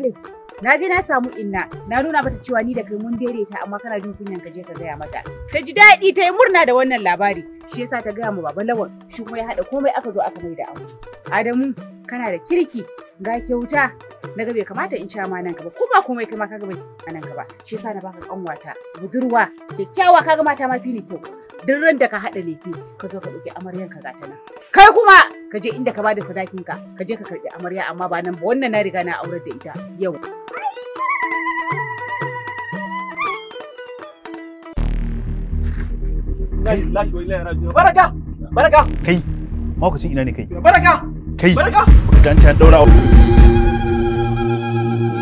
Salim, na je na samu inna, na nuna mata cewa ni da kai mun daidaita amma kana jin kunyan ka je ka gaya mata. Ta ji daɗi ta yi murna da wannan labari, shi yasa ta gaya mu baba Lawan, shi kuma ya haɗa komai aka zo aka mai da amu. Adamu, kana da kirki ga wuta na bai kamata in sha ma ka ba ko ba komai kai ma kaga bai manan ka ba shi yasa na baka kanwata budurwa kyakkyawa kaga mata ma fi kyau duk ran da ka haɗa lefi ka zo ka ɗauki amaryan ka ta nan kai kuma ka je inda ka bada sadakin ka ka je ka karbi amarya amma ba nan ba wannan na riga na aurar da ita yau Baraka! Baraka! Kai, ma ina ne kai? Baraka! kai barka janci an daura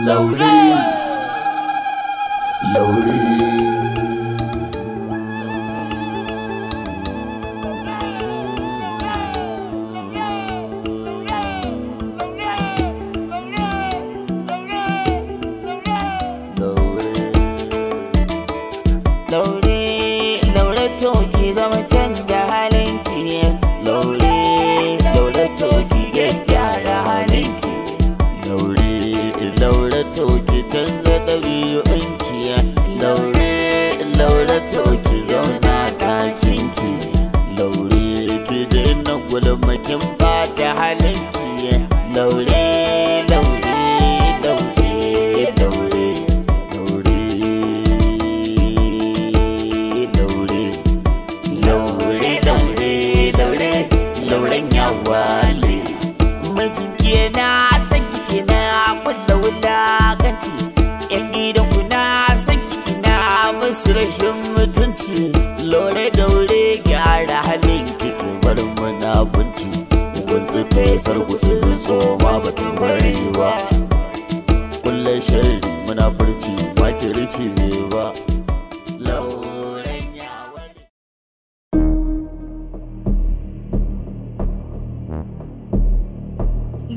laure laure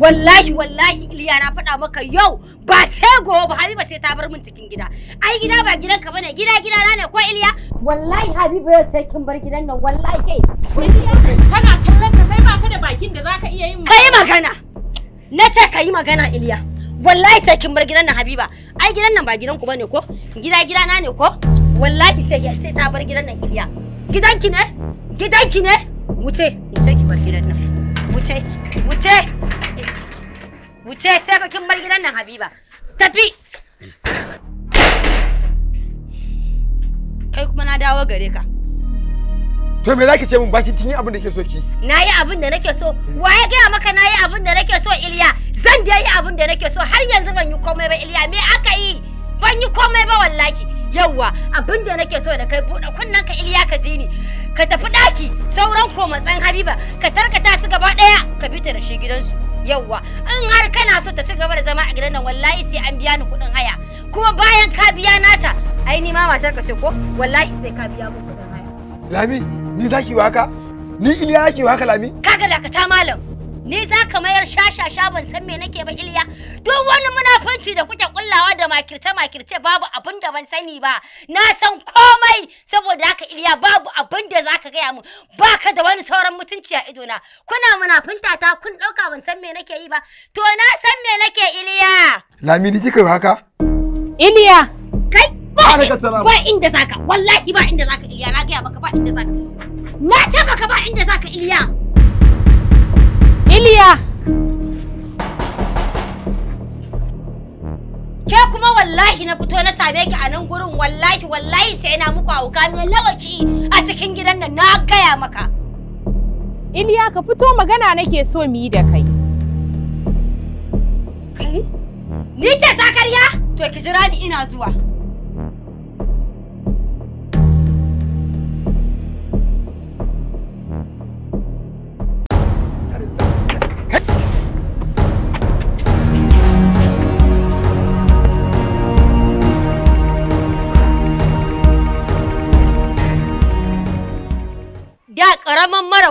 wallahi wallahi Iliya na faɗa maka yau ba sai gobe ba Habiba sai ta bar min cikin gida ai gida ba gidan ka bane gida gida na ne ko Iliya wallahi Habiba yau sai kin bar gidan nan wallahi kai kana kallon ka kai baka da bakin da zaka iya yin kai magana na ce kai magana Iliya wallahi sai kin bar gidan nan Habiba ai gidan nan ba gidan ku bane ko gida gida na ne ko wallahi sai sai ta bar gidan nan Iliya ki ne ki ne wuce wuce ki bar gidan nan wuce wuce Wuce sai bakin bar gidan nan Habiba. Tafi. Kai kuma na dawo gare ka. To me zaki ce min bakin kin yi abin da kike so ki? Na yi abin da nake so. Waye gaya maka na yi abin da nake so Iliya? Zan da yi abin da nake so har yanzu ban yi komai ba Iliya. Me aka yi? Ban yi komai ba wallahi. Yawwa abin da nake so da kai buɗe kunnen ka Iliya ka ji ni. Ka tafi ɗaki sauran matsan Habiba ka tarkata su gaba ɗaya ka bi ta da shi gidansu. yawwa in har kana so ta ci gaba da zama a gidan nan wallahi sai an biya ni kuɗin haya kuma bayan ka biya nata ai ni ma matar ka ce ko wallahi sai ka biya mun kuɗin haya lami ni zaki wa haka ni iliya zaki wa haka lami kaga dakata malam ni za ka mayar shasha ban san me nake ba iliya don wani munafanci da kuke kullawa da makirce-makirce babu abin da ban sani ba na san komai saboda haka iliya babu abin da za ka gaya mun baka da wani sauran mutunci a idona kuna munafinta ta kun ɗauka ban san me nake yi ba to na san me nake iliya lamini kika haka iliya kai ba ba inda zaka wallahi ba inda zaka iliya na gaya maka ba inda zaka na ce maka ba inda zaka iliya iliya ke kuma wallahi na fito na same ki a nan gurin wallahi wallahi sai na muku auka mai lawaci a cikin gidan nan na gaya maka Iliya ka fito magana nake so mu yi da kai kai ni ce zakariya to ki jira ni ina zuwa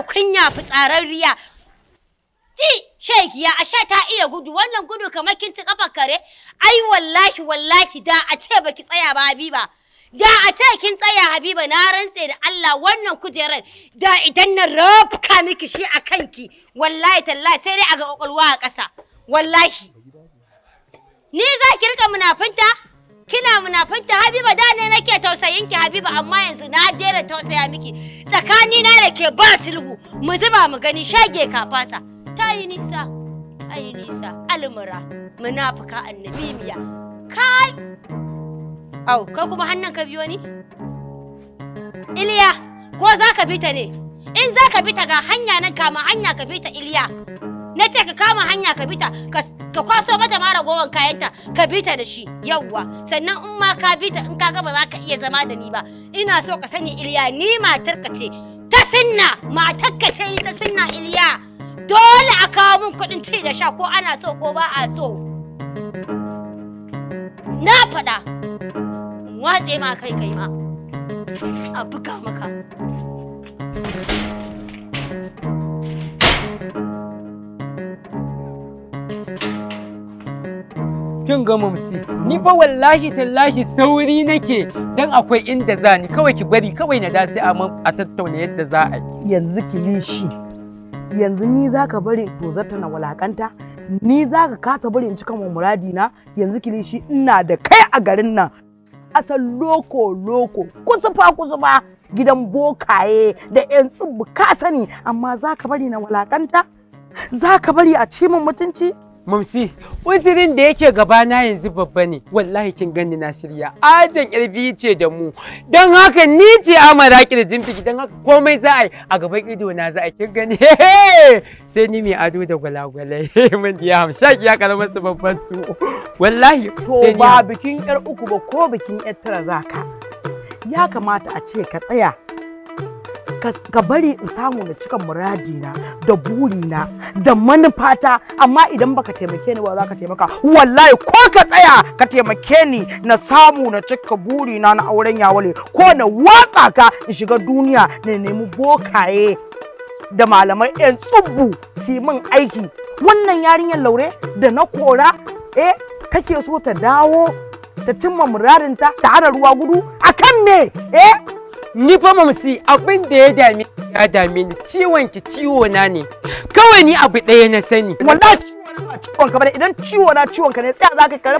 kunya fi fitsararriya ti ya ashe ta iya gudu wannan gudu kamar kin ci kafar kare ai wallahi wallahi da a ce baki tsaya ba habiba da a ce kin tsaya habiba na rantse da Allah wannan kujerar da idan na rafka miki shi a kanki wallahi tallahi sai dai a ga kwakwalwa a ƙasa wallahi ni za ki rika munafinta Kina munafinta Habiba da ne nake tausayin ki Habiba amma yanzu na daina tausaya miki. Tsakani na da ke ba sulhu mu zuba mu gani shage kafasa. Ta yi nisa. Ai nisa almura munafuka annabi miya. Kai! Au, kai kuma hannun ka biyo ni? Iliya, ko za ka bi ta ne? In za ka bi ta ga hanya nan kama hanya ka bi ta Iliya. na ce ka kama hanya ka bita ka kwaso mata mara ragowar kayanta ka bita da shi yawwa sannan in ma ka bita in ka ga ba za ka iya zama da ni ba ina so ka sani Iliya ni matar ka ce ta sinna matar ka ce ta sinna Iliya dole a kawo min kuɗin ci da sha ko ana so ko ba a so na faɗa watse ma kai kai ma a buga maka kin ga mamsi ni fa wallahi tallahi sauri nake dan akwai inda za ni kawai ki bari kawai na da sai a tattauna yadda za a yi yanzu kilishi yanzu ni za ka bari to zata na walakanta ni za ka kasa bari in cika muradi na yanzu kilishi ina da kai a garin nan asal loko loko kusufa kusufa gidan bokaye da yan tsubu ka sani amma za ka bari na walakanta za ka bari a cimin mutunci Mamsi, uzirin da yake gabana yanzu babba ne, wallahi kin gani na shirya, ajan biyu ce da mu, don haka ni ce amara ƙirjin fiki, don haka komai za a yi a gaban ido na za a kin gani, sai ni mai ado da gwalagwalai, mun ya hamsha ya kalmar su babban su, wallahi. To ba bikin ƴar uku ba ko bikin ƴar tara za ka, ya kamata a ce ka tsaya ka bari in samu na cika muradina da burina da manufata amma idan baka taimake ni ba za ka taimaka wallahi ko ka tsaya ka taimake ni na samu na cika burina na auren yawale ko na watsa ka in shiga duniya na nemi bokaye da malamai 'yan tsubbu su min aiki wannan yarinyar laure da na kora eh kake so ta dawo ta cimma muradinta ta hana ruwa gudu akan me eh ni fa mamsi abin da ya dame ya dame ni ciwon ki ciwo na ne kawai ni abu ɗaya na sani wallahi ciwon ka bane idan ciwo na ciwon ka ne tsaya zaka karfa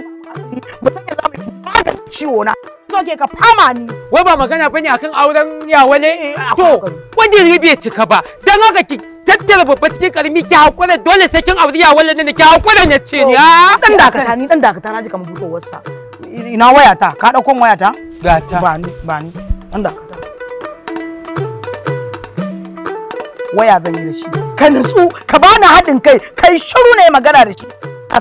ba san ya zamu magance ciwo na so ke ka fama ni wai ba magana bane akan auren yawale eh, eh, to wanda ya cika ba dan haka ki tattara babba cikin karmi ki hakura dole sai kin auri yawale ne ki hakura ne ce ni dan ah, ta ni dan dakata na ji kamar butowarsa ina wayata ka dauko wayata ta ba ni ba ni dan dakata waya zan yi da shi ka nutsu ka bani haɗin kai kai shiru ne magana da shi da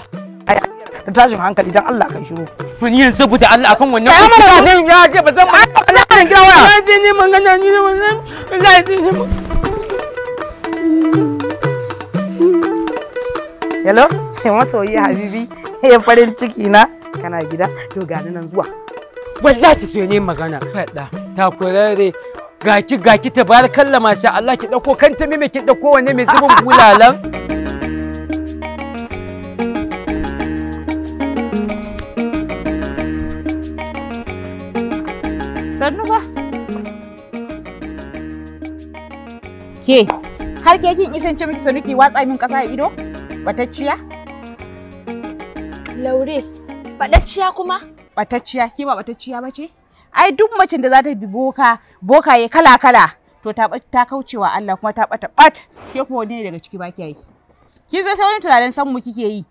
tashin hankali dan Allah kai shiru mun yin saboda Allah akan wannan kai mun zan ya je ba zan Allah kan kira waya zan ni mun magana ni mun zan zai ji ne Hello ke masoyi habibi ya eh, farin ciki na kana gida to ga nan zuwa wallahi soyayyen magana fada kurare gaki gaki kalla masha Allah ki dauko ta mimi ki dauko wanne mai zubin gulalan sannu ba ke har ke kin isan ce miki sannu watsa min kasa a ido batacciya laure batacciya kuma batacciya ki ba batacciya ba ai duk macin da za ta bi boka boka ya kala kala to ta ta kaucewa Allah kuma ta bata bat ke kuma wani daga ciki baki kiyaye ki zo sai wani tunanin san mu kike yi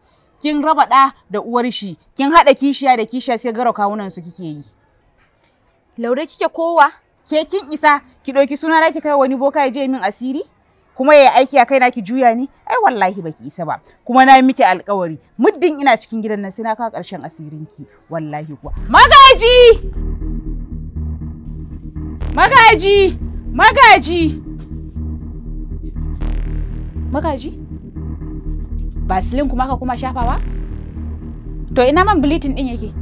kin raba da da uwar shi kin hada kishiya da kishiya sai garo kawunan su kike yi laure kike kowa ke kin isa ki ɗauki suna na ki kai wani boka ya je min asiri kuma ya aiki a kaina ki juya ni ai wallahi baki isa ba kuma na yi miki alkawari muddin ina cikin gidan nan sai na kawo ƙarshen asirinki wallahi kuwa magaji Magaji! Magaji! Magaji? Basilin kuma ka kuma shafawa? To ina man bleaching din yake?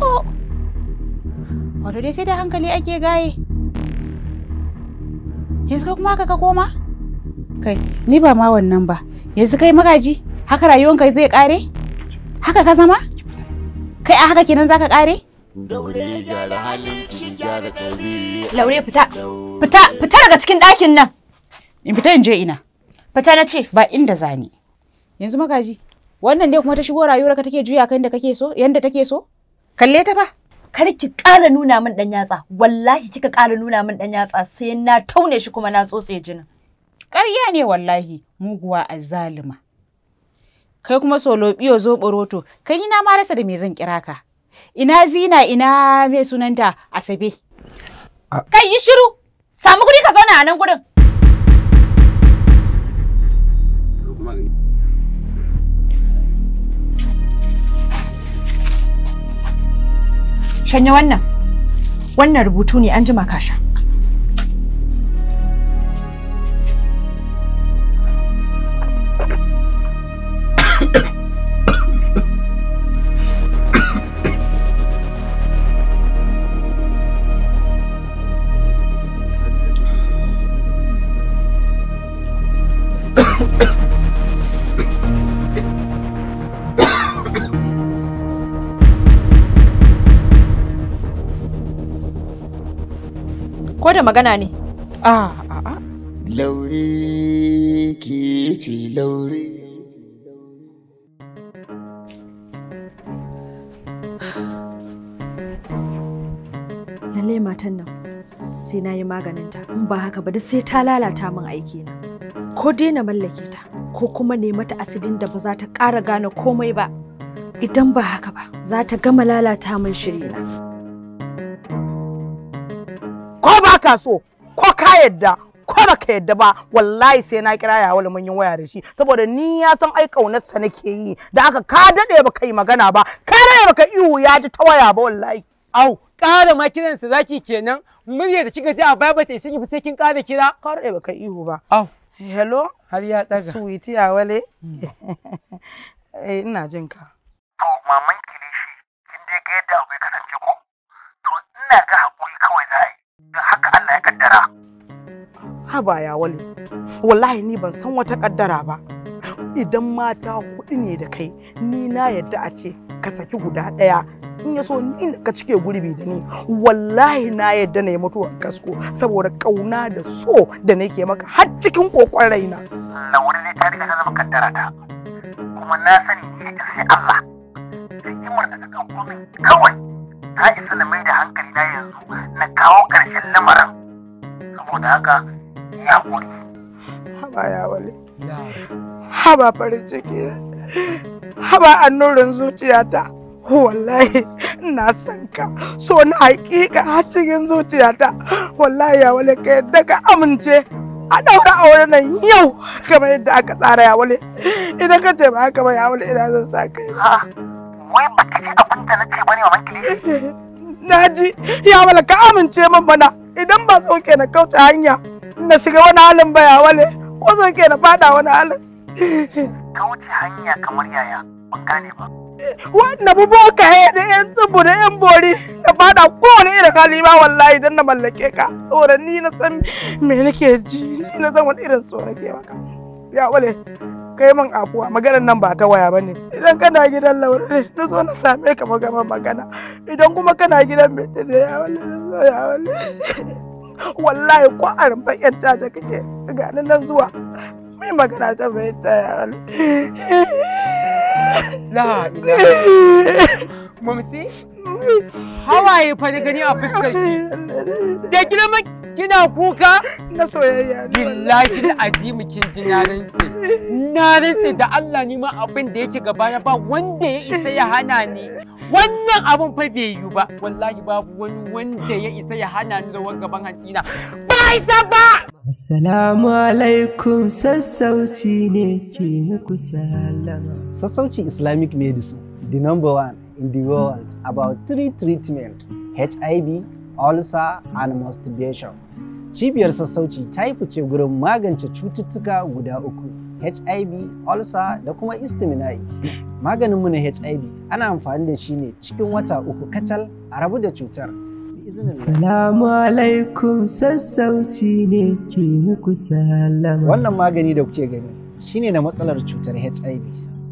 Oh! Wato dai sai da hankali ake gaye. Yanzu ka kuma haka ka koma? Kai, ni ba ma wannan ba. Yanzu kai magaji, haka rayuwanka zai kare? Haka ka zama? Kai a haka kenan zaka kare? Laure gyara gyara Laure fita, fita, fita daga cikin ɗakin nan. In fita in je ina. Fita na ce. Ba inda zani. Yanzu magaji, wannan ne kuma ta shigo rayuwarka take juya kan da kake so, yanda take so? Kalle ta fa. Kar ki ƙara nuna min ɗan yatsa, wallahi kika ƙara nuna min ɗan yatsa sai na taune shi kuma na tsotse jinin. Ƙarya ne wallahi, muguwa azzalima. Kai kuma solo biyo zo roto. kai na ma rasa da me zan kira ka. Ina zina ina mai sunanta Asabe. Kai yi shiru, samu guri ka zauna a nan gurin. Shanya wannan, wannan rubutu ne an jima kasha. da magana ne a a a laure ke ce laure Lalle matan nan sai na yi maganinta in ba haka ba da sai ta lalata min aiki na ko dai mallake ta ko kuma ne mata asidin da ba za ta ƙara gane komai ba idan ba haka ba za ta gama lalata min shirina. baka so ko ka yadda ko baka yadda ba wallahi sai na kira ya wala mun yi waya da shi saboda ni ya san ai kaunar sa nake yi da aka ka dade baka yi magana ba ka dade baka ihu ya ji ta waya ba wallahi au ƙara ma kiran sa zaki kenan murya da kika ji a baba bata isa ki sai kin kada kira ka dade baka ihu ba au hello har ya daga suwiti ya wale hmm. eh ina jin ka to maman kilishi kin dai ga yadda abu kasance ko to ina ga hakuri kawai za a yi haka Allah ya kaddara haba ya wali wallahi ni ban san wata kaddara ba idan mata hudu ne da kai ni na yadda a ce ka saki guda ɗaya in ya so ni ka cike gurbi da ni wallahi na yadda na yi mutuwar kasko saboda kauna da so da nake maka har cikin kokon raina na wuri ne ta riga ta zama kaddara ta kuma na sani ni sai Allah da kimar da kan komai kawai ta isa na mai da hankali na yanzu na kawo ƙarshen lamarin saboda haka ya haƙuri haba ya wale haba farin ciki haba annurin zuciyata wallahi na san ka so na hakika a cikin zuciyata wallahi ya wale ka yadda ka amince a daura auren nan yau kamar yadda aka tsara ya wale idan ka ce ba haka ba ya wale ina zan sa kai wai baki ji abin da na ce bane wa mankilishi naji ya wala ka amince min bana idan ba tsoke na kauce hanya na shiga wani halin baya wale ko tsoke na fada wani halin kauce hanya kamar yaya ban gane ba wanda bu boka he da yan tsibu da yan bori na fada kowane irin hali ba wallahi dan na mallake ka saboda ni na san me nake ji ni na san wani irin so ke maka ya wale kai min afuwa maganar nan ba ta waya bane idan kana gidan laure ne na zo na same ka magana magana idan kuma kana gidan mai ne ya walle na zo ya walle wallahi ko a rumfan yan caca kake ga nan nan zuwa mai magana ta bai ta ya walle la mamsi hawaye fa da gani a fuskar ki da gidan Kina kuka? Na soyayya. Billahi azimu kin ji na rantsi Na rantsi da Allah ni ma abin da yake gaba na ba wanda ya isa ya hana ni. Wannan abin fa bai yiwu ba. Wallahi babu wani wanda ya isa ya hana ni zuwa gaban hatsina. Ba isa ba! Assalamu alaikum sassauci ne ke muku salama. Sassauci Islamic medicine, the number one in the world about three treatment HIV, ulcer, and masturbation. Cibiyar sassauci ta yi fice gurin magance cututtuka guda uku, HIV, ulcer da kuma istimina'i. Maganinmu na HIV ana amfani da shi ne cikin wata uku kacal a rabu da cutar. Salamu alaikum sassauci ne ke muku salama. Wannan magani da kuke gani shine na matsalar cutar HIV.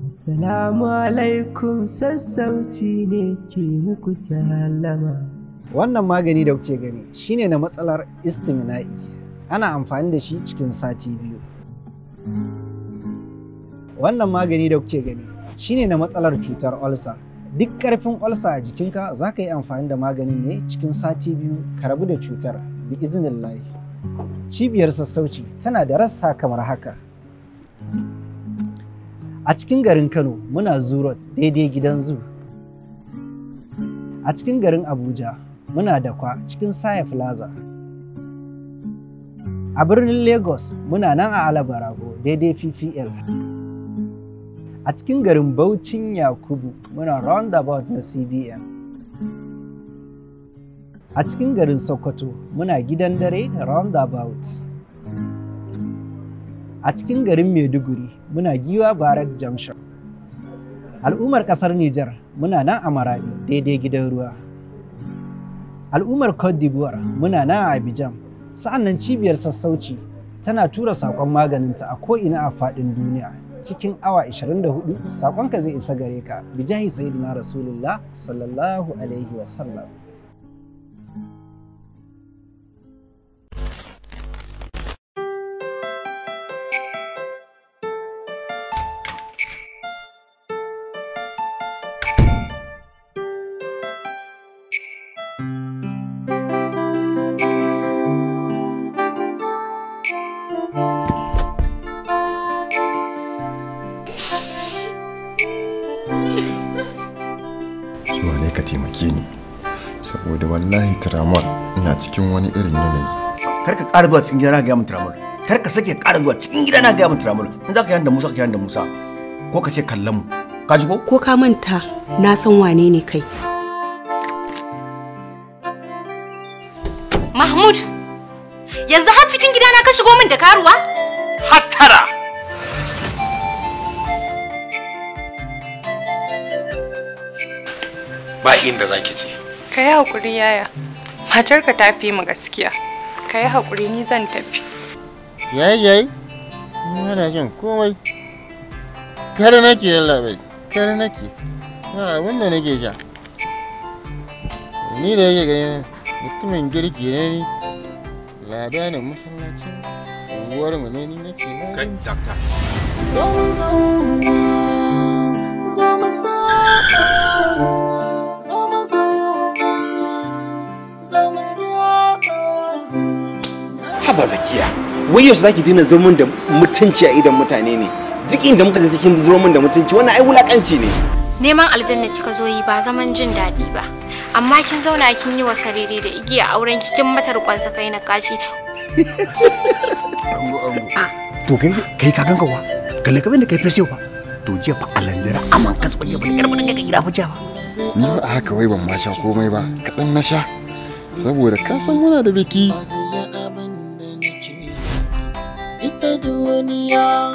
Salamu alaikum sassauci ne ke muku salama. Wannan magani da kuke gani shine na matsalar istimina'i. Ana amfani da shi cikin sati biyu. Wannan magani da kuke gani shine na matsalar cutar olsa. Duk karfin olsa a jikinka za ka yi amfani da maganin ne cikin sati biyu ka rabu da cutar bi izinin layi. Cibiyar sassauci tana da rassa kamar haka. A cikin garin Kano muna zuro daidai gidan zu. A cikin garin Abuja muna da kwa cikin Saya Plaza. A birnin Lagos muna nan a Alabarago daidai PPL. A cikin garin Baucin Yakubu muna roundabout na CBN. A cikin garin Sokoto muna gidan dare roundabout. a cikin garin Maiduguri muna giwa Barak Junction. Al'ummar ƙasar Nijar muna nan a Maradi daidai gidan ruwa. al'ummar cote d'ivoire muna na a abidjan sa'annan cibiyar sassauci tana tura saƙon maganinta a ko'ina a faɗin duniya cikin awa 24 saƙonka zai isa gare ka bijahi sayyidina rasulullah sallallahu alaihi wasallam tramol ina cikin wani irin yanayi kar ka ƙara zuwa cikin gida na gaya min tiramol kar ka sake ƙara zuwa cikin gida na gaya min in za ka yanda musa ka yanda musa ko ka ce kallon mu ka ji ko ko ka manta na san wane ne kai mahmud yanzu har cikin gidana ka shigo min da karuwa hattara ba inda za ki ci. Ka yi haƙuri yaya. matarka ta fi mu gaskiya ka yi haƙuri ni zan tafi yayi yayi yana jin komai kare nake yallaɓai kare nake na abin nake ja ni da yake gani mutumin girki ne ni lada ne masallaci uwar mu ne ni nake na kai dakta zo mu zo mu zo mu haba zakiya wai yaushe zaki dina zurmin da mutunci a idan mutane ne duk inda muka je cikin zurmin da mutunci wannan ai wulakanci ne neman aljanna kika zo yi ba zaman jin daɗi ba amma kin zauna kin yi wa sarere da igiya auren ki kin matar kwansa kai na kashi ah. to kai kai ka ganka wa kalle ka da kai fesiyo ba to jiya fa alandira aman kasbani ba yar mun ga gida fa jiya ba ni a haka wai ban ma sha komai ba kadan na sha saboda ka san muna da biki ita duniya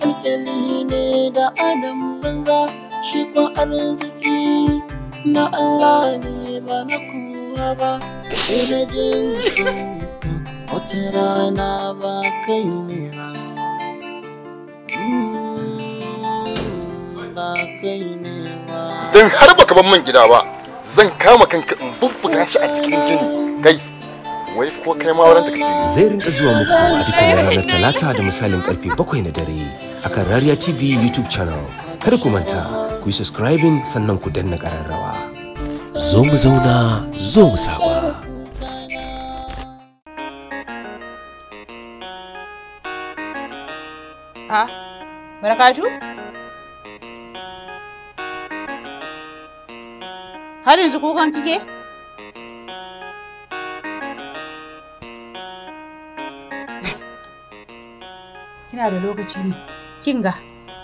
alƙali ne da adam banza shi ko arziki na Allah ne ba na kowa ba ina jin wata rana ba kai ne ba mm, ba kai ne ba don har baka ban man gida ba zan kama kanka in bubbuga shi a cikin gini kai wai ko kai ma wurin da kake zai rinka zuwa muku a cikin ranar talata da misalin karfe 7 na dare akan Rariya TV YouTube channel kada ku manta ku yi subscribing sannan ku danna kararrawa zo mu zauna zo mu saba ha ah, Barakatu? Har yanzu kukan kike? Kina da lokaci ne. Kinga.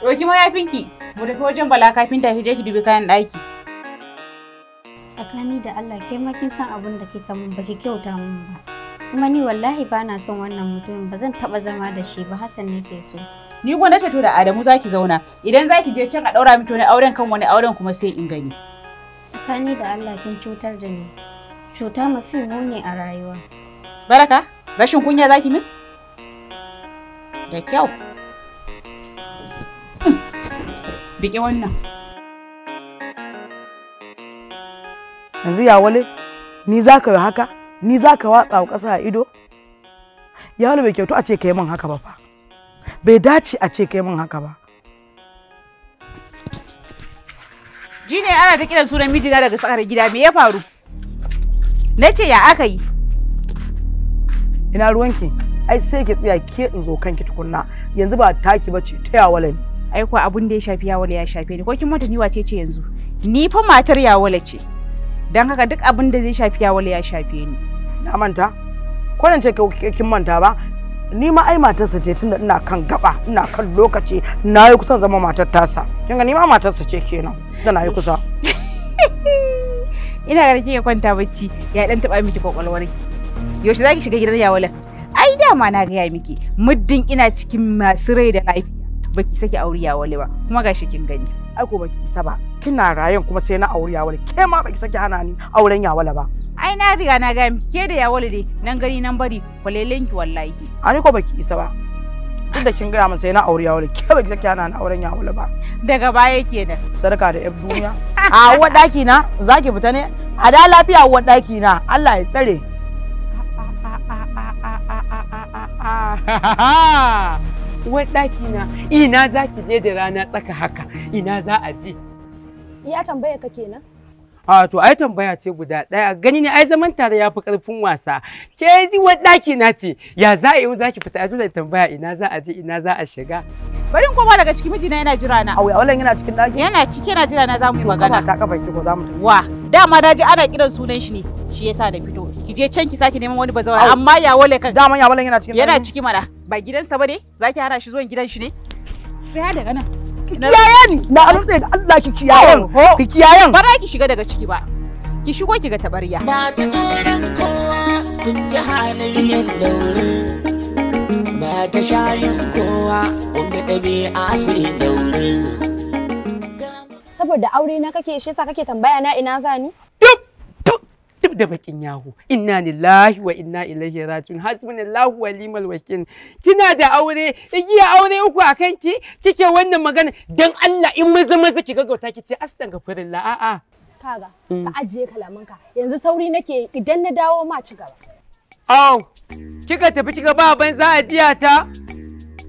Ɗauki mayafinki, mu tafi wajen bala kafin ta je ki dubi kayan ɗaki. Tsakani da Allah kai ma kin san abin da kika min baki kyauta min ba. Kuma ni wallahi ba na son wannan mutumin ba zan taɓa zama da shi ba Hassan nake so. Ni kuwa to da Adamu zaki zauna idan zaki je can a ɗaura miki wani auren kan wani auren kuma sai in gani. Tsakani da Allah kin cutar da ni. Cuta mafi muni a rayuwa. Baraka, rashin kunya zaki min? Da kyau. biki hmm. wannan. Yanzu ya wale, ni za ka yi haka, ni za ka watsa wa ƙasa a ido? Ya wale bai kyautu a ce ka yi min haka ba fa. Bai dace a ce ka yi min haka ba. Ji ana ta kiran sunan mijina daga tsakar gida me ya faru? Na ce ya aka yi? Ina ruwanki? Ai sai ki tsaya ke in zo kanki tukunna. Yanzu ba taki bace ta yawala ne. Ai ko abun da ya shafi yawala ya shafe ni. Ko kin mata ni wace ce yanzu? Ni fa matar yawala ce. Dan haka duk abin da zai shafi yawala ya shafe ni. Na manta? Ko nan ce kin manta ba? ni ma ai matarsa ce tunda ina kan gaba ina kan lokaci na yi kusan zama matar tasa kin ga ni ma matarsa ce kenan da na yi kusa ina ga kike kwanta bacci ya dan taba miki kwakwalwarki yaushe zaki shiga gidan yawalan ai dama na ga miki muddin ina cikin masu rai da lafiya baki saki aure yawale ba kuma gashi kin gani ai ko baki isa ba kina rayan kuma sai na aure yawale ke ma baki saki hana ni auren yawale ba ai na riga na ga ke da yawo dai nan gani nan bari kwalelen ki wallahi ani ko baki isa ba duk da kin gaya min sai na aure yawo ke baki sake ana na auren yawo ba daga baya kenan sarka da yar duniya a wa daki na zaki fita ne a da lafiya wa daki na Allah ya tsare wa daki na ina za ki je da rana tsaka haka ina za a je. Ya tambaye ka kenan? a to ai tambaya ce guda ɗaya gani ne ai zaman tare ya fi ƙarfin wasa ke ji wa ɗaki na ce ya za a yi za ki fita a dole tambaya ina za a je ina za a shiga bari koma daga cikin mijina yana jira na awai aulan yana cikin ɗaki yana ciki yana jira na za mu yi magana ta kafa ki ko za mu wa dama da ji ana kiran sunan shi ne shi yasa da fito ki je can ki sake neman wani bazawa amma ya wale kan dama ya wale yana cikin yana ciki mana ba gidansa ba ne zaki hara shi zuwan gidan shi ne sai daga nan Ki kiyaye ni. Na rantsa da Allah ki kiyayen. Ki kiyayen. Ba za ki shiga daga ciki ba. Ki shigo ki ga tabarya. Ba ta tsoron kowa kun ji halayen daure. Ba ta shayin kowa kun ga ɗabi'a sai daure. Saboda aure na kake shi yasa kake tambaya na ina zani? duk da bakin yahu inna lillahi wa inna ilaihi rajiun hasbunallahu wa ni'mal wakil kina da aure igiya aure uku a kanki kike wannan magana dan Allah in maza maza ki gaggauta ki ce astaghfirullah a a kaga mm. ka ajiye kalamanka yanzu sauri nake idan na dawo ma ci gaba aw kika tafi kika ba ban za a jiya ta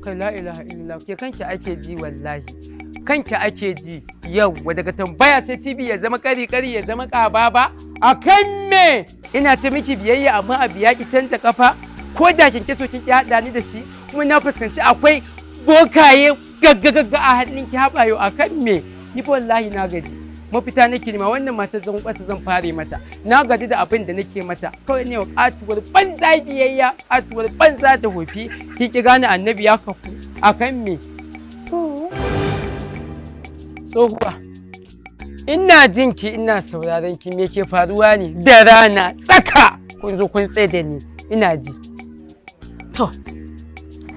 kai la ilaha illallah ke kanki ake ji wallahi kanki ake ji yau daga tambaya sai cibi ya zama kari kari ya zama ƙaba ba a kan me ina ta miki biyayya amma a biya ki canja kafa ko da kin kiso kin ki hada ni da shi kuma na fuskanci akwai bokaye gaggagagga a hannun ki habayo a kan me ni wallahi na gaji mafita nake nema wannan matar zan kwasa zan fare mata na gaji da abin da nake mata kawai ne wa ban banza biyayya ƙatuwar banza da hofi kin ki gane annabi ya kafu kan me tsohuwa ina jin ki ina sauraron ki me ke faruwa ne da rana tsaka kun zo kun tsaye da ni ina ji to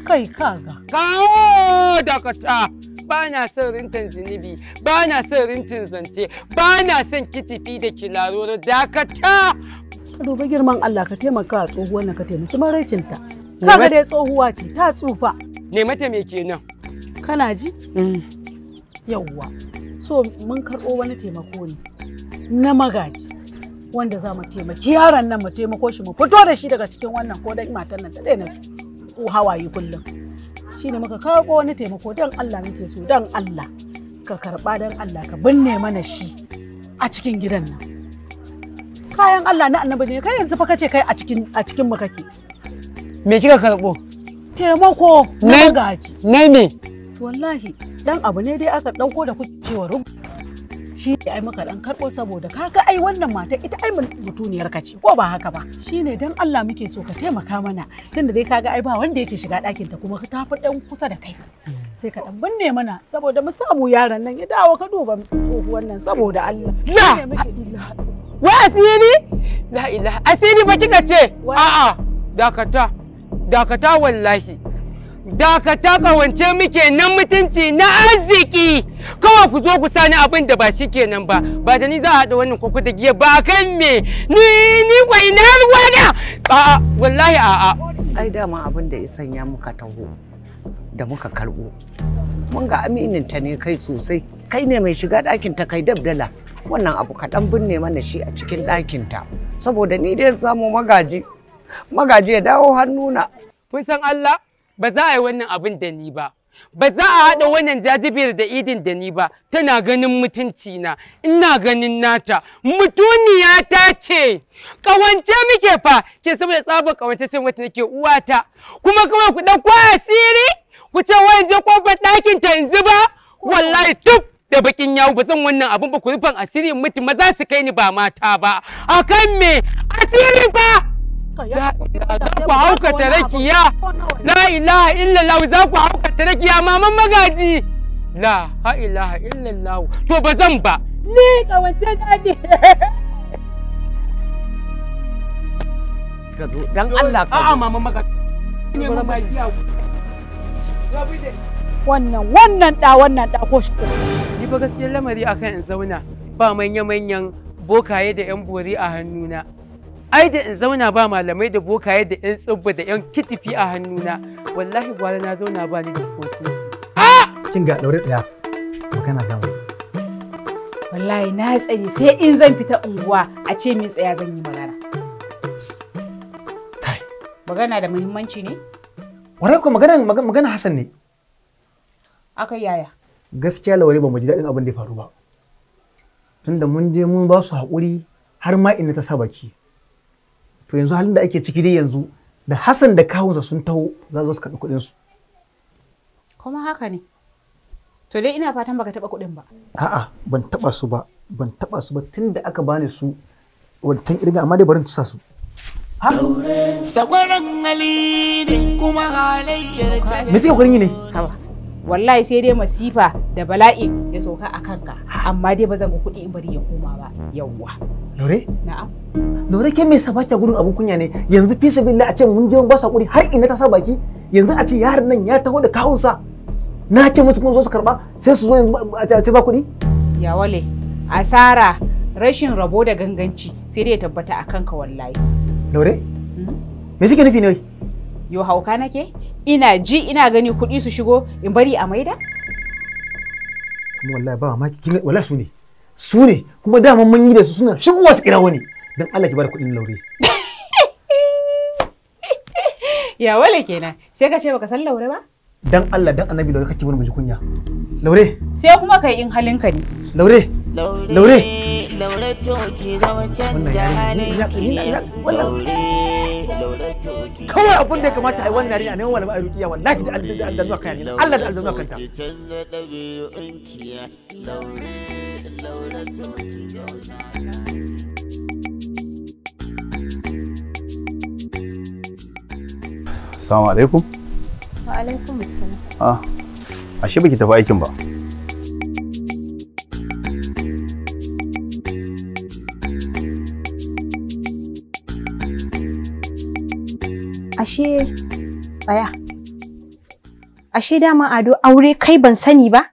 kai kaga kawo dakata ba na son rintin zunubi ba na son rintin zance ba na son kitifi da kilaro dakata ka dubi girman Allah ka taimaka a tsohuwar na ka taimaki maraicinta kaga dai tsohuwa ce ta tsufa ne mata me kenan kana ji mm. Yawwa so mun karɓo wani taimako ne na magaji wanda za mu taimaki yaron nan mu taimako shi mu fito da shi daga cikin wannan ko dan matan nan ta na su hawaye kullum shine muka karɓo wani taimako dan Allah muke so dan Allah ka karɓa dan Allah ka binne mana shi a cikin gidan nan kayan Allah na annabi ne kai yanzu fa kace kai a cikin a cikin mu kake me kika karɓo taimako na magaji na me wallahi dan abu ne dai aka ɗauko da kuke cewa rubu shi ne ai maka dan karbo saboda kaga ai wannan mata ita ai mutuniyar ka ce ko ba haka ba Shi ne dan Allah muke so ka taimaka mana tunda dai kaga ai ba wanda yake shiga ɗakin ta kuma ka fi dan kusa da kai sai ka dan binne mana saboda mu samu yaran nan ya dawo ka duba tsohuwan wannan saboda Allah ya wa asiri la ilaha asiri ba kika ce a'a dakata dakata wallahi dakata kawance muke na mutunci na arziki kawai ku zo ku sani abin da ba shi kenan ba ba da ni za a haɗa wannan kuku da giya ba kan me ni ni wai na ruwana a'a wallahi a'a ai dama abin da isan ya muka taho da muka karɓo mun ga aminin ne kai sosai kai ne mai shiga ɗakin ta kai dabdala wannan abu kaɗan binne mana shi a cikin ɗakin ta saboda ni dai samu magaji magaji ya dawo hannuna kun san Allah ba za a yi wannan abin da ni ba ba za a haɗa wannan jajibiyar da idin da ni ba tana ganin mutunci na ina ganin nata mutuniya ta ce ƙawance muke fa ke saboda tsabar ƙawance ce wata nake uwata kuma kawai ku ɗauko asiri ku ce wani je kofar ɗakin ta yanzu ba wallahi tuf da bakin yawo ba zan wannan abun ba ku rufan asiri mutum maza su kai ni ba mata ba akan me asiri ba za ku haukata rakiya la ilaha za ku haukata rakiya maman la to ba zan ba ni kawance dan Allah ka a'a ne ba giya wannan wannan da wannan da ko shi ni fa gaskiyar lamari akan in zauna ba manya manyan bokaye da yan bori a hannuna ai da in zauna ba malamai da bokaye da yan tsubba da yan kitifi a hannuna wallahi gwara na zauna ba ni da kosin kin ga daure tsaya magana ga wallahi na tsare sai in zan fita unguwa a ce min tsaya zan yi magana magana da muhimmanci ne warai ko magana magana Hassan ne akai yaya gaskiya lawari ba mu ji daɗin abin da ya faru ba tunda mun je mun ba su haƙuri har ma ina ta sa baki to yanzu halin da ake ciki dai yanzu da hasan da kawunsa sun taho za su karɓi kuɗin su kuma haka ne to dai ina fatan baka taɓa kuɗin ba a'a ban taɓa su ba ban taɓa su ba tunda aka bani su wancan irin amma dai barin tusa su sakwaran hali ne kuma halayyar ta me suke kurin yi ne haba wallahi sai dai masifa da bala'i ya sauka a kanka amma dai ba zan ga kuɗi in bari ya koma ba yawwa lore na'am lore ke me sabata gurin abun kunya ne yanzu fi sabilillah a ce mun je ba hakuri har ina ta sa baki yanzu a ce yaron nan ya taho da kawunsa na ce musu kuma zo su karba sai su zo yanzu a ce ba kuɗi ya wale asara rashin rabo da ganganci sai dai ya tabbata a kanka wallahi lore hmm? me kike nufi ne yo hauka nake ina ji ina gani kuɗi su shigo in bari a maida kuma wallahi ba mamaki kin wallahi su ne su ne kuma dama mun yi da su suna shigo wasu kira wani dan Allah ki bar kuɗin laure ya wale kenan sai ka ce baka san laure ba dan Allah dan annabi laure kake mun miji kunya laure sai kuma kai in halinka ne laure laure laure to ki zama canja ki laure kawai abin da ya kamata a yi wannan yarinya ne walama ma'a rukiya wallahi da aljannu kan yarinya Allah da aljannu kan ta Assalamu alaikum. Wa alaikum assalam. Ah, ashe baki tafi aikin ba? ashe tsaya ashe dama ado aure kai ban sani ba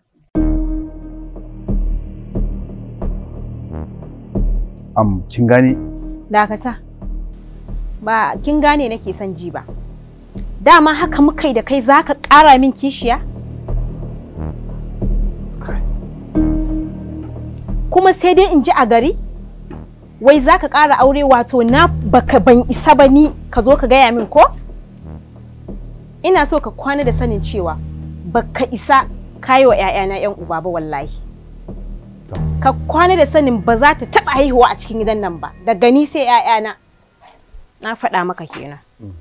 am kin gane dakata ba kin gane nake son ji ba dama haka mukai da kai zaka kara min kishiya kuma sai dai in ji a gari wai zaka ƙara aure wato na baka ban isa ba ni ka zo ka gaya min ko ina so ka kwana da sanin cewa baka isa kayi wa 'ya'yana 'yan uba ba wallahi ka kwana da sanin ba za ta taba haihuwa a cikin gidan nan ba daga ni sai 'ya'yana na faɗa maka kenan mm.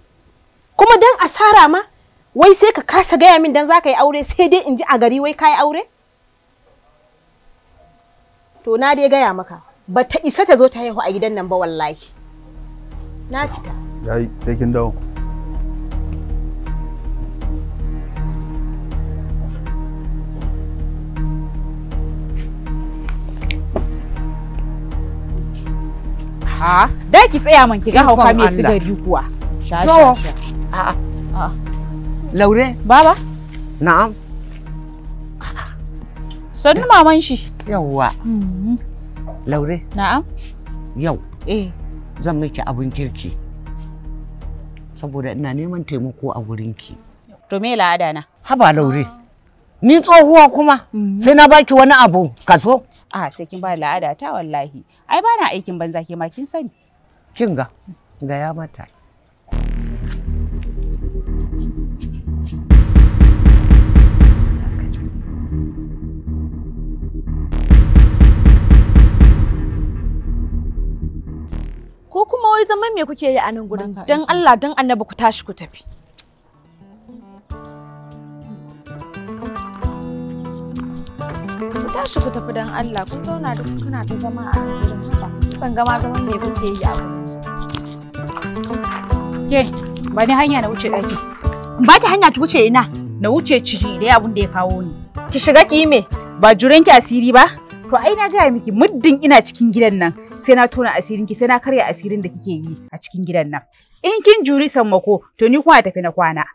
kuma dan asara ma wai sai ka kasa gaya min dan za yi aure sai dai in ji a gari wai ka aure to na dai gaya maka ba ta isa ta zo ta haihu a gidan nan ba wallahi na fita yayi sai kin dawo a da ki tsaya man ki ga hauka mai sigari kuwa sha sha a laure baba na'am sannu maman shi yawwa mm-hmm. laure na'am yau eh zan miki abin kirki saboda ina neman taimako a wurinki to me la'ada na haba laure ni tsohuwa kuma mm-hmm. sai na baki wani abu kaso a sai kin ba la'ada ta wallahi ai bana aikin banza ke ma kin sani kin ga ga ya mata ko kuma wai zaman me kuke yi a nan gurin dan Allah dan annabi ku tashi ku tafi ku tashi ku tafi don Allah kun zauna duk ta zama a cikin ban gama zaman me kuke yi a ke ba ni hanya na wuce ɗaki ba ta hanya ta wuce ina na wuce ciki da abin da ya kawo ni ki shiga ki me ba juren ki asiri ba to ai na gaya miki muddin ina cikin gidan nan sai na tona asirin ki sai na karya asirin da kike yi a cikin gidan nan in kin juri sammako to ni kuma tafi na kwana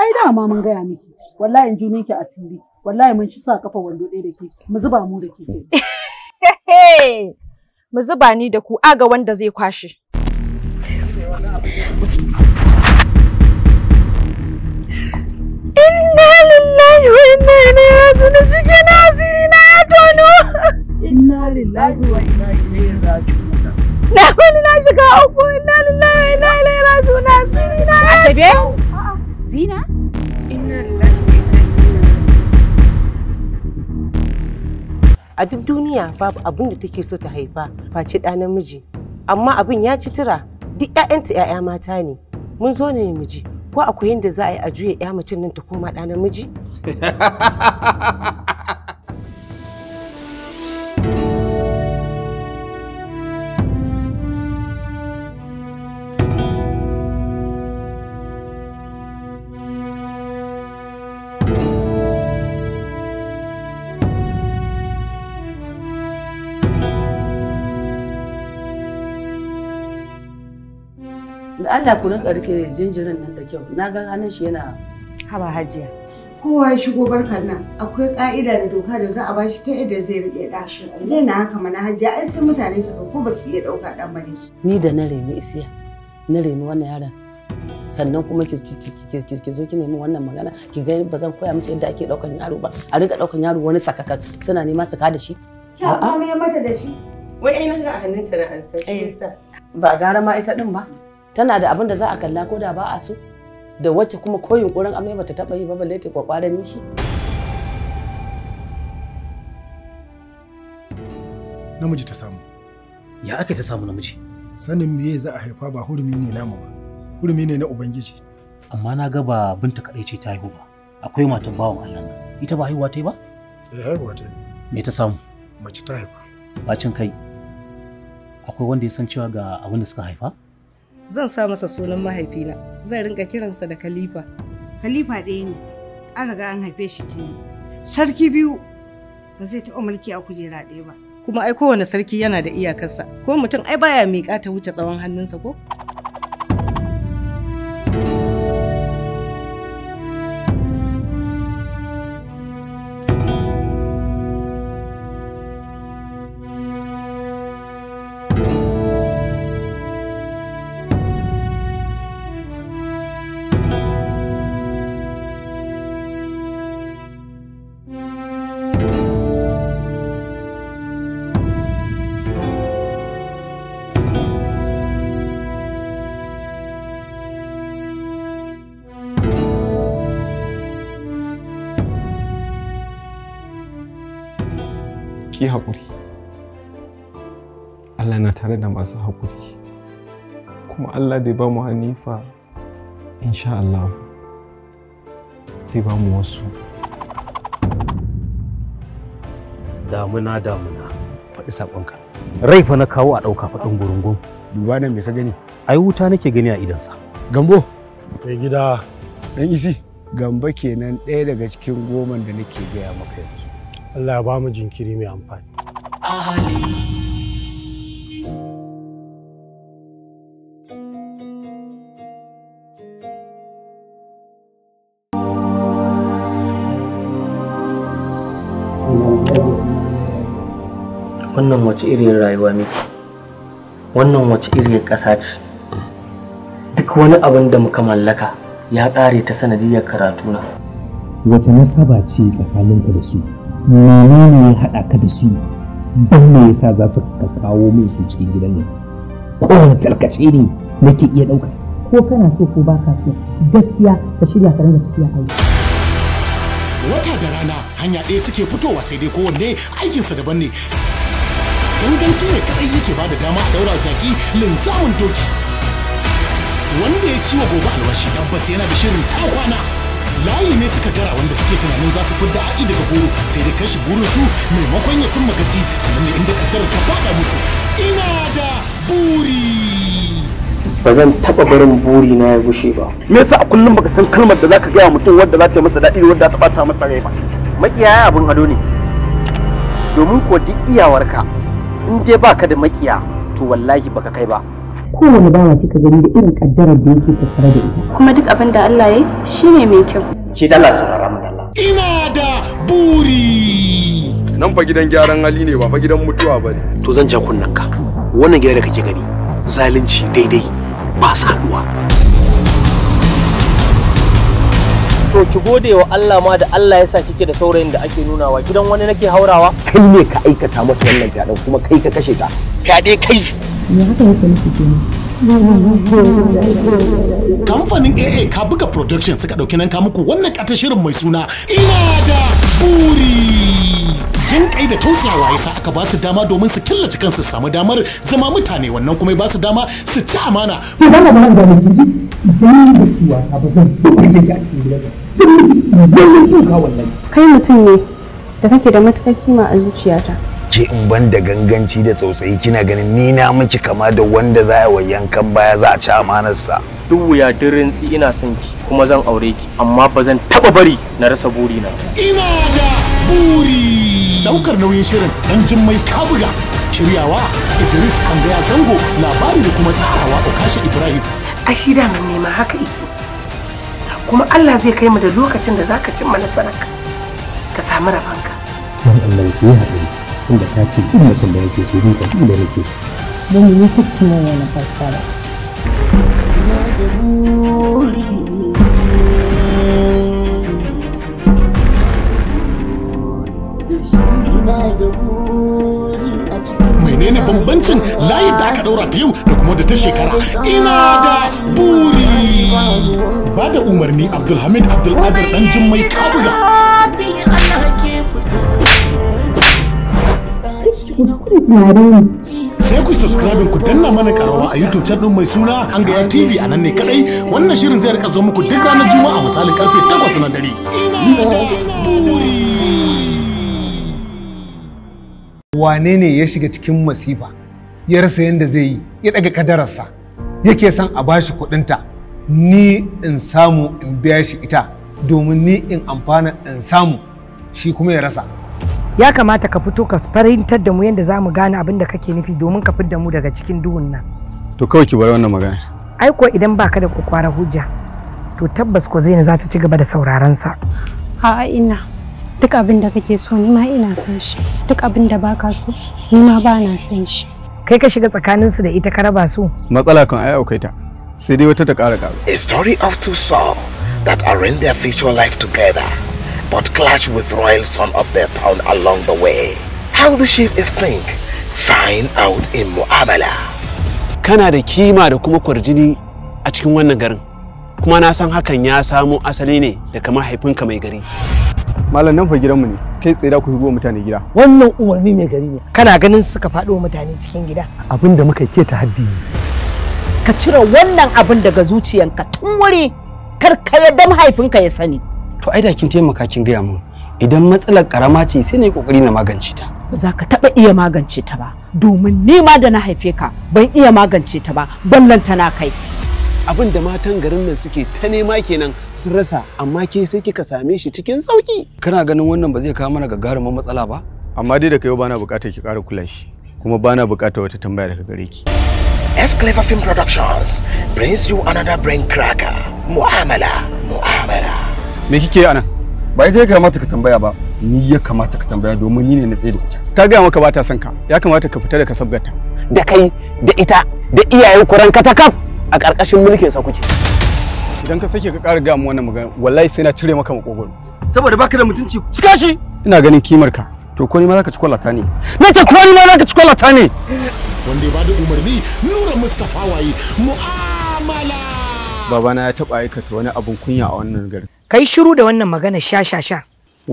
ai dama mun gaya miki wallahi in junin ki asiri wallahi mun shi sa kafa wando ɗaya da ke mu zuba mu da ke mu zuba ni da ku aga wanda zai kwashe inna lillahi wa inna ilaihi raji'un jike na asiri na ya tono inna lillahi wa inna ilaihi raji'un na wani na shiga uku inna lillahi wa inna ilaihi raji'un asiri na ya tono zina inna a duk duniya babu abin da take so ta haifa face ɗa namiji amma abin ya ci tura duk ƴaƴanta ƴaƴa mata ne mun zo ne miji ko akwai yadda za a yi a juya ƴa mutum nan ta koma ɗa namiji Allah ku rinka rike jinjirin nan da kyau. Na ga hannun shi yana haba hajiya. Kowa ya shigo barkar nan akwai ka'ida da doka da za a bashi ta yadda zai rike dashi. Idan na haka mana hajiya ai sai mutane su ko ba su iya daukar dan bane. Ni da na reni isiya. Na reni wannan yaran. sannan kuma ki zo ki nemi wannan magana ki ga ba zan koya musu yadda ake daukan yaro ba a rinka daukan yaro wani sakakan suna nema su da shi ya amma mata da shi wai ai na ga a hannunta na an san shi eh. yasa ba gara ma ita din ba tana da abin da za a kalla ko da ba a so da wacce kuma ko yunkurin amai bata taba yi ba balle ta kwakwaran nishi namiji ta samu ya aka ta samu namiji sanin meye za a haifa ba hurumi ne namu ba hurumi ne na ubangiji amma na ga ba binta kadai ce ta haihu ba akwai matan bawan Allah nan ita ba haihuwa ta yi ba eh haihuwa ta yi. me ta samu mace ta haifa bacin kai akwai wanda ya san cewa ga abin da suka haifa zan sa masa sunan mahaifina zan rinka kiransa da khalifa khalifa ɗaya ne an riga an haife shi jini sarki biyu ba zai taɓa mulki a kujera ɗaya ba kuma ai kowane sarki yana da iyakarsa ko mutum ai baya miƙa ta wuce tsawon hannunsa ko ki haƙuri Allah na tare da masu haƙuri kuma Allah da ba mu hanifa insha Allah zai ba mu wasu damuna damuna faɗi saƙonka rai fa na kawo a ɗauka faɗin gurungun duba nan me ka gani ai wuta nake gani a idansa gambo kai gida dan isi gamba kenan ɗaya daga cikin goman da nake gaya maka yau Allah ya ba mu jinkiri mai amfani. wannan wace irin rayuwa ne wannan wace irin ƙasa ce duk wani abin da muka mallaka ya ƙare ta sanadiyar na. wace nasaba ce tsakaninka da su menene ya haɗa ka da su don me yasa za su ka kawo min su cikin gidan nan wani tarkace ne nake iya ɗauka ko kana so ko ba ka so gaskiya ka shirya ka ringa tafiya aiki wata da rana hanya ɗaya suke fitowa sai dai kowanne aikinsa daban ne inganci ne kaɗai yake ba da dama a ɗaura jaki linzamin doki wanda ya ciwo gobe albashi, tabbas yana da shirin ta kwana layi ne suka gara wanda suke tunanin za su fidda aiki daga goro sai dai kashi buru su maimakon ya cimma gaci kamar ne inda kaddara ta faɗa musu ina da buri ba zan taɓa barin buri na ya gushe ba me yasa a kullum baka san kalmar da zaka gaya mutum wadda za ta masa daɗi wadda ta bata masa rai ba makiyaya abin ado ne domin ko duk iyawarka in dai baka da makiya to wallahi baka kai ba kowane bawa kika gani da irin kaddarar da yake tattare da ita kuma duk abin da Allah ya shine mai kyau shi dalla saurara mu Allah. ina da buri nan fa gidan gyaran hali ne ba fa gidan mutuwa ba ne to zan ja kunnen ka wannan gida da kake gani zalunci daidai ba saduwa to ki gode wa Allah ma da Allah ya sa kike da saurayin da ake nunawa gidan wani nake haurawa kai ne ka aikata masa wannan gyaran kuma kai ka kashe ta fyaɗe kai kamfanin AA ka buga production suka dauki nan muku wannan kata shirin mai suna ina da buri jin kai da tausayawa sa aka basu dama domin su killace kansu su samu damar zama mutane wannan kuma ba su dama su ci amana da wasa ba zan kai mutum ne da kake da matukar kima a zuciyata ke in ban da ganganci da tsautsayi kina ganin ni na miki kama da wanda za a yankan baya za a ci amanarsa duk wuya duk rintsi ina son ki kuma zan aure ki amma ba zan taba bari na rasa burina ina da buri daukar nauyin shirin dan jin mai kabuga shiryawa idris andaya zango labari da kuma tsarawa okasha ibrahim a shi man nema haka ike kuma allah zai kai mu da lokacin da zaka cimma nasararka ka samu rabanka allah ya haɗari inda ta ce duk mutum da yake so ni ka da yake so don ni ku kuma wani fassara menene bambancin layi da aka daura ta yau da kuma da ta shekara ina da buri ba da umarni abdulhamid abdulkadir dan jummai kaduna kuskure tunare ne. Sai ku subscribe ku danna mana karawa a YouTube channel mai suna Hangaya TV a nan ne kadai wannan shirin zai rika zo muku duk ranar Juma'a misalin karfe 8 na dare. Wane ne ya shiga cikin masifa ya rasa yadda zai yi ya daga kadararsa yake son a bashi kuɗinta ni in samu in biya shi ita domin ni in amfana in samu shi kuma ya rasa. ya kamata ka fito ka farintar da mu yadda za mu gane abin da kake nufi domin ka fidda mu daga cikin duhun nan to kawai ki bar wannan magana ai ko idan baka da kwakwara hujja to tabbas ko zaina za ta ci gaba da sauraron sa a'a ina duk abin da kake so ni ma ina son shi duk abin da baka so ni ma ba na son shi kai ka shiga tsakanin su da ita ka raba su matsala kan ai aukai ta sai dai wata ta ƙara ƙara a story of two souls that are in their future life together but clash with royal son of their town along the way. How the chief is think, find out in mu'amala. Kana da kima da kuma kwarjini a cikin wannan garin, kuma na san hakan ya samo asali ne daga mahaifinka mai gari. Malam nan fa gidanmu ne, kai tsaye da ku shigo mutane gida. Wannan umarni mai gari ne, kana ganin suka faɗo mutane cikin gida. Abin da muka ke ta haddi Ka cire wannan abin daga zuciyanka tun wuri, kar ka yadda mahaifinka ya sani. to ai da kin taimaka kin gaya mun idan matsalar karama ce sai na kokari na magance ta ba za ka taba iya magance ta ba domin ni ma da na haife ka ban iya magance ta ba ballanta na kai abin da matan garin nan suke ta nema kenan sun rasa amma ke sai kika same shi cikin sauki kana ganin wannan ba zai kawo mana gagarumin matsala ba amma dai da kai bana bukatar ki kara kula shi kuma bana bukatar wata tambaya daga gare ki S Clever Film Productions brings you another brain cracker mu'amala mu'amala me kike anan ba ita ya kamata ka tambaya ba ni ya kamata ka tambaya domin ni ne na tsaye da ita ta gaya maka ba ta son ka ya kamata ka fita daga sabgarta da kai da ita da iyayen kuranka ta kaf a ƙarƙashin mulkin sa kuke idan ka sake ka ƙara gaya mu wannan magana wallahi sai na cire maka makogoro saboda baka da mutunci cika shi ina ganin kimar ka to ko ni ma zaka ci kwalata ne na ce ko ni ma zaka ci kwalata ne wanda ya bada umarni nura mustafa waye mu'amala babana ya taba aikata wani abun kunya a wannan garin kai shiru da wannan magana sha sha sha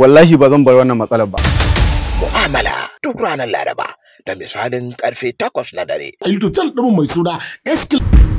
wallahi ba zan bar wannan matsalar ba mu'amala duk ranar laraba da misalin karfe takwas na dare a youtube channel din mai suna eskil